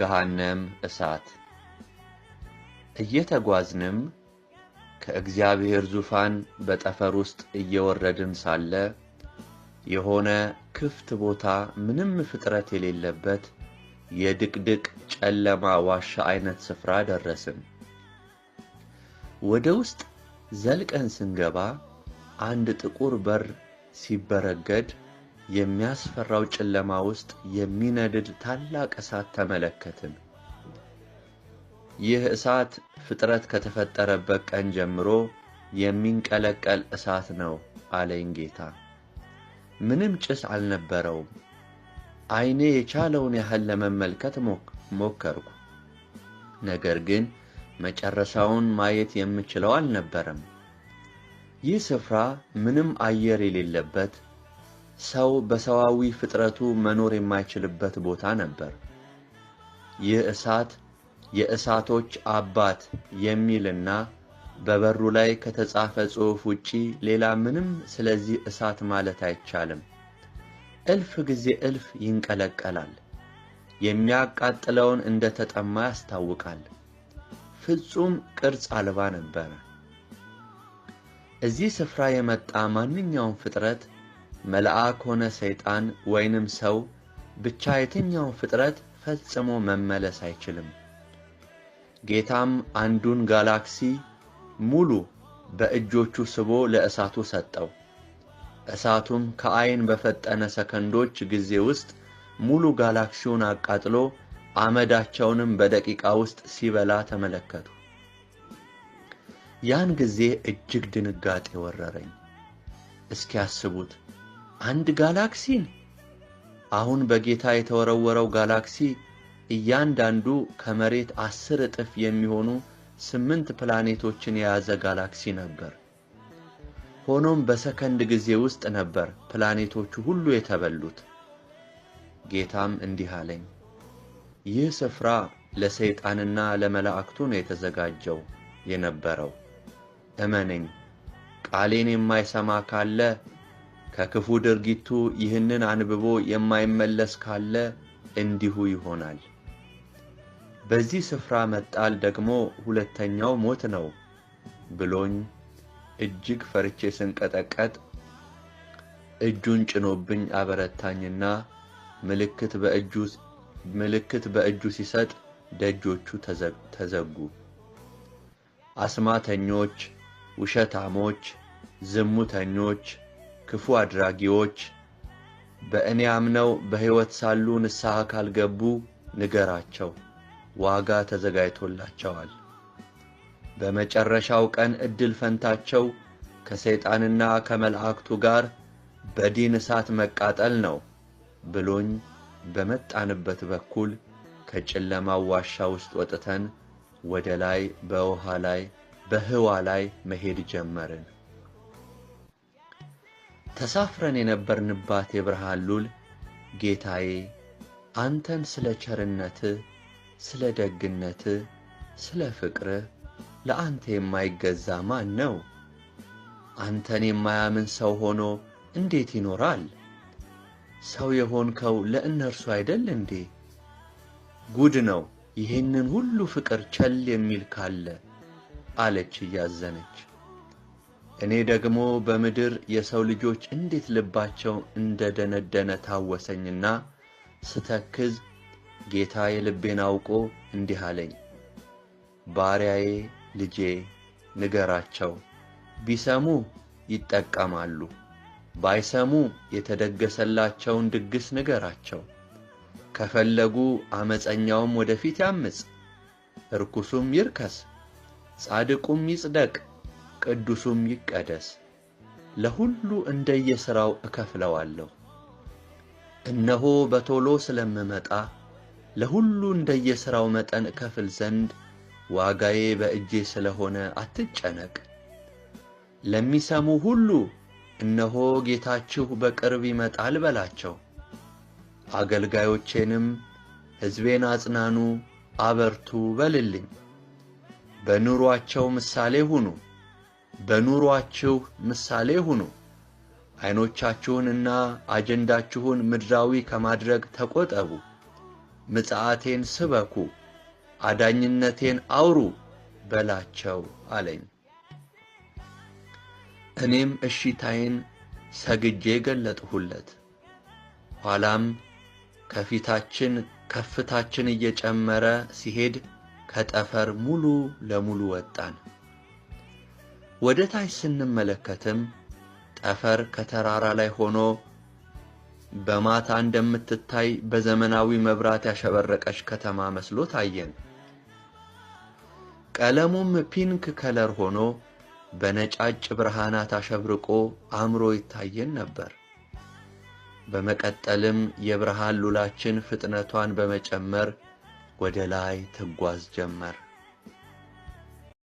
ገሃነም እሳት እየተጓዝንም ከእግዚአብሔር ዙፋን በጠፈር ውስጥ እየወረድን ሳለ የሆነ ክፍት ቦታ ምንም ፍጥረት የሌለበት የድቅድቅ ጨለማ ዋሻ አይነት ስፍራ ደረስን። ወደ ውስጥ ዘልቀን ስንገባ አንድ ጥቁር በር ሲበረገድ የሚያስፈራው ጨለማ ውስጥ የሚነድድ ታላቅ እሳት ተመለከትን። ይህ እሳት ፍጥረት ከተፈጠረበት ቀን ጀምሮ የሚንቀለቀል እሳት ነው አለኝ ጌታ። ምንም ጭስ አልነበረውም። አይኔ የቻለውን ያህል ለመመልከት ሞከርኩ፣ ነገር ግን መጨረሻውን ማየት የምችለው አልነበረም። ይህ ስፍራ ምንም አየር የሌለበት ሰው በሰዋዊ ፍጥረቱ መኖር የማይችልበት ቦታ ነበር። ይህ እሳት የእሳቶች አባት የሚልና በበሩ ላይ ከተጻፈ ጽሑፍ ውጪ ሌላ ምንም ስለዚህ እሳት ማለት አይቻልም። እልፍ ጊዜ እልፍ ይንቀለቀላል። የሚያቃጥለውን እንደ ተጠማ ያስታውቃል። ፍጹም ቅርጽ አልባ ነበረ። እዚህ ስፍራ የመጣ ማንኛውም ፍጥረት መልአክ ሆነ ሰይጣን ወይንም ሰው ብቻ የትኛው ፍጥረት ፈጽሞ መመለስ አይችልም። ጌታም አንዱን ጋላክሲ ሙሉ በእጆቹ ስቦ ለእሳቱ ሰጠው። እሳቱም ከአይን በፈጠነ ሰከንዶች ጊዜ ውስጥ ሙሉ ጋላክሲውን አቃጥሎ አመዳቸውንም በደቂቃ ውስጥ ሲበላ ተመለከቱ። ያን ጊዜ እጅግ ድንጋጤ ወረረኝ። እስኪያስቡት አንድ ጋላክሲን? አሁን በጌታ የተወረወረው ጋላክሲ እያንዳንዱ ከመሬት አስር እጥፍ የሚሆኑ ስምንት ፕላኔቶችን የያዘ ጋላክሲ ነበር። ሆኖም በሰከንድ ጊዜ ውስጥ ነበር ፕላኔቶቹ ሁሉ የተበሉት። ጌታም እንዲህ አለኝ፣ ይህ ስፍራ ለሰይጣንና ለመላእክቱ ነው የተዘጋጀው የነበረው። እመነኝ፣ ቃሌን የማይሰማ ካለ ከክፉ ድርጊቱ ይህንን አንብቦ የማይመለስ ካለ እንዲሁ ይሆናል። በዚህ ስፍራ መጣል ደግሞ ሁለተኛው ሞት ነው ብሎኝ እጅግ ፈርቼ ስንቀጠቀጥ እጁን ጭኖብኝ አበረታኝና ምልክት በእጁ ሲሰጥ ደጆቹ ተዘጉ። አስማተኞች፣ ውሸታሞች፣ ዝሙተኞች ክፉ አድራጊዎች በእኔ አምነው በሕይወት ሳሉ ንስሐ ካልገቡ ንገራቸው፣ ዋጋ ተዘጋጅቶላቸዋል። በመጨረሻው ቀን ዕድል ፈንታቸው ከሰይጣንና ከመላእክቱ ጋር በዲን እሳት መቃጠል ነው ብሎኝ በመጣንበት በኩል ከጨለማው ዋሻ ውስጥ ወጥተን ወደ ላይ በውሃ ላይ በህዋ ላይ መሄድ ጀመርን። ተሳፍረን የነበርንባት የብርሃን ሉል ጌታዬ አንተን ስለ ቸርነት፣ ስለ ደግነት፣ ስለ ፍቅር ለአንተ የማይገዛ ማን ነው? አንተን የማያምን ሰው ሆኖ እንዴት ይኖራል? ሰው የሆንከው ለእነርሱ አይደል እንዴ? ጉድ ነው ይህንን ሁሉ ፍቅር ቸል የሚል ካለ አለች እያዘነች። እኔ ደግሞ በምድር የሰው ልጆች እንዴት ልባቸው እንደ ደነደነ ታወሰኝና ስተክዝ ጌታ የልቤን አውቆ እንዲህ አለኝ፣ ባሪያዬ ልጄ ንገራቸው፣ ቢሰሙ ይጠቀማሉ፣ ባይሰሙ የተደገሰላቸውን ድግስ ንገራቸው። ከፈለጉ አመፀኛውም ወደፊት ያምፅ፣ ርኩሱም ይርከስ፣ ጻድቁም ይጽደቅ ቅዱሱም ይቀደስ፣ ለሁሉ እንደየሥራው እከፍለዋለሁ። እነሆ በቶሎ ስለምመጣ ለሁሉ እንደየሥራው መጠን እከፍል ዘንድ ዋጋዬ በእጄ ስለሆነ አትጨነቅ። ለሚሰሙ ሁሉ እነሆ ጌታችሁ በቅርብ ይመጣል በላቸው። አገልጋዮቼንም ሕዝቤን አጽናኑ፣ አበርቱ በልልኝ። በኑሯቸው ምሳሌ ሁኑ። በኑሯችሁ ምሳሌ ሁኑ። ዐይኖቻችሁንና አጀንዳችሁን ምድራዊ ከማድረግ ተቆጠቡ። ምጽአቴን ስበኩ፣ አዳኝነቴን አውሩ በላቸው አለኝ። እኔም እሺታዬን ሰግጄ ገለጥሁለት። ኋላም ከፊታችን ከፍታችን እየጨመረ ሲሄድ ከጠፈር ሙሉ ለሙሉ ወጣን። ወደ ታች ስንመለከትም ጠፈር ከተራራ ላይ ሆኖ በማታ እንደምትታይ በዘመናዊ መብራት ያሸበረቀች ከተማ መስሎ ታየን። ቀለሙም ፒንክ ከለር ሆኖ በነጫጭ ብርሃናት አሸብርቆ አምሮ ይታየን ነበር። በመቀጠልም የብርሃን ሉላችን ፍጥነቷን በመጨመር ወደ ላይ ትጓዝ ጀመር።